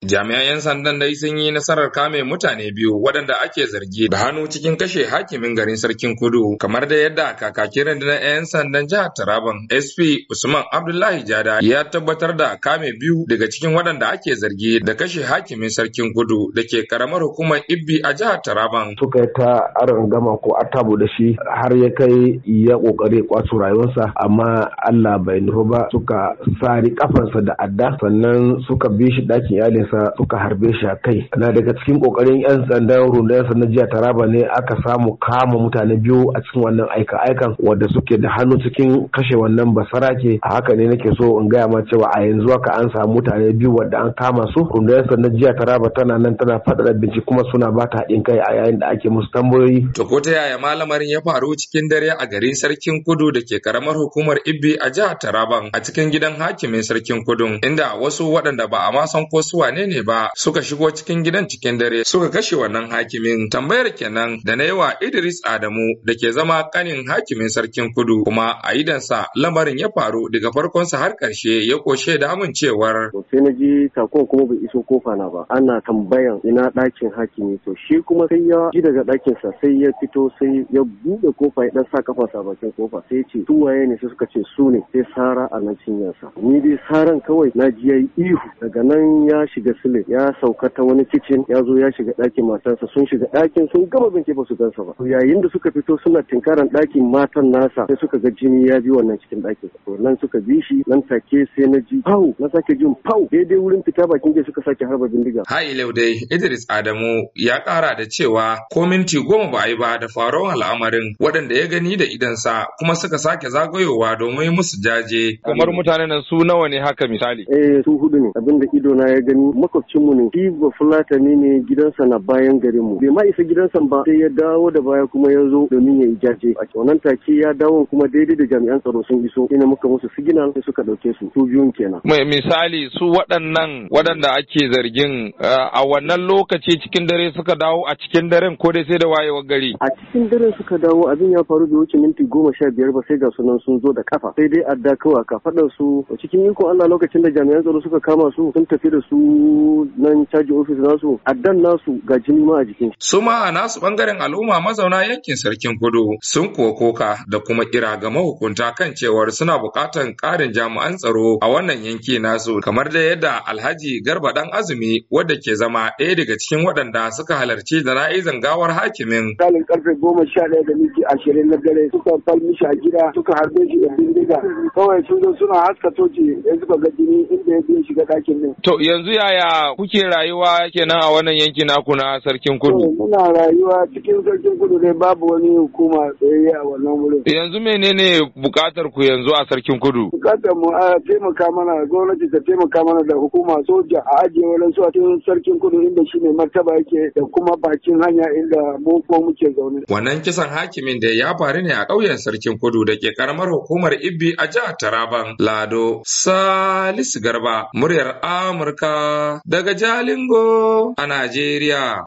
Jami'an 'yan sandan dai sun yi nasarar kame mutane biyu waɗanda ake zargi da hannu cikin kashe hakimin garin Sarkin Kudu kamar da yadda kakakin rundunar 'yan sandan jihar Taraban SP Usman Abdullahi Jada ya tabbatar da kame biyu daga cikin waɗanda ake zargi da kashe hakimin Sarkin Kudu da ke karamar hukumar Ibbi a jihar Taraban. Suka ta aron gama ko atabu da shi har ya kai ya ƙoƙari kwato rayuwarsa amma Allah bai nufa ba suka sari kafarsa da adda sannan suka bi shi ɗakin iyalin sa suka harbe shi a kai na daga cikin kokarin yan sandan yan sandan jiya taraba ne aka samu kama mutane biyu a cikin wannan aika aikan wanda suke da hannu cikin kashe wannan basarake a haka ne nake so in gaya ma cewa a yanzu haka an samu mutane biyu wadda an kama su yan sandan jiya taraba tana nan tana faɗaɗa bincike kuma suna ba ta haɗin kai a yayin da ake musu tambayoyi. To ko ta yaya malamarin ya faru cikin dare a garin sarkin kudu da ke karamar hukumar Ibbi a jihar Taraban a cikin gidan hakimin sarkin kudu inda wasu waɗanda ba a ma san ko su mutane ne ba suka shigo cikin gidan cikin dare suka kashe wannan hakimin tambayar kenan da na yawa Idris Adamu da ke zama kanin hakimin sarkin kudu kuma a idansa lamarin ya faru daga farkonsa har ƙarshe ya koshe da amincewar. Sai na ji takon kuma bai iso kofa na ba ana tambayan ina ɗakin hakimi to shi kuma sai ya ji daga ɗakinsa sai ya fito sai ya buɗe kofa ya ɗan sa kafarsa bakin kofa sai ya ce waye ne sai suka ce su ne sai sara a nan cinyarsa ni dai saran kawai na ji ya yi ihu daga nan ya shiga da sule ya sauka ta wani kicin ya zo ya shiga ɗakin matarsa sun shiga ɗakin sun gama bincike ba su gansa ba yayin da suka fito suna tinkaran ɗakin matan nasa sai suka ga jini ya bi wannan cikin ɗakin nan suka bi shi nan take sai na ji pau na sake jin pau daidai wurin fita bakin ke suka sake harba bindiga ha ilau dai Idris Adamu ya ƙara da cewa ko minti goma ba a yi ba da faruwar al'amarin waɗanda ya gani da sa, kuma suka sake zagayowa domin musu jaje kamar mutanen nan su nawa ne haka misali eh su hudu ne abinda ido na ya gani makwabcinmu ne shi ba fulatani ne gidansa na bayan garin mu bai ma isa gidansa ba sai ya dawo da baya kuma ya zo domin ya ijaje a wannan take ya dawo kuma daidai da jami'an tsaro sun iso ina muka musu signal sai suka dauke su su biyun kenan mai misali su waɗannan waɗanda ake zargin eh, a wannan lokaci cikin dare suka dawo a cikin daren ko dai sai da wayewar gari a cikin daren suka dawo abin ya faru da wuce minti goma sha biyar ba sai ga sunan sun zo da kafa sai dai adda kawa ka faɗa su cikin iko Allah lokacin da jami'an tsaro suka kama su sun tafi da su nan caji ofis nasu addan nasu ga jini ma a jikin shi. su ma a nasu bangaren al'umma mazauna yankin sarkin kudu sun kuwa koka da kuma kira ga mahukunta kan cewar suna buƙatan ƙarin jami'an tsaro a wannan yanki nasu kamar da yadda alhaji garba dan azumi wadda ke zama ɗaya daga cikin waɗanda suka halarci da jana'izan gawar hakimin. kalin karfe goma sha ɗaya da miki ashirin na dare suka fal shi a gida suka harbe shi da bindiga kawai sun zo suna haska toci yanzu suka ga jini inda ya shiga ɗakin nan. to yanzu yaya yaya kuke rayuwa kenan a wannan yanki naku na sarkin kudu? Muna rayuwa cikin sarkin kudu ne babu wani hukuma tsayayye a wannan wurin. Yanzu menene bukatar ku yanzu a sarkin kudu? Bukatar mu a taimaka mana gwamnati ta taimaka mana da hukuma soja a ajiye wurin su a cikin sarkin kudu inda shi ne martaba yake da kuma bakin hanya inda mu ko muke zaune. Wannan kisan hakimin da ya faru ne a ƙauyen sarkin kudu da ke karamar hukumar Ibbi a jihar Taraban Lado Salisu Garba muryar Amurka daga Jalingo a Najeriya.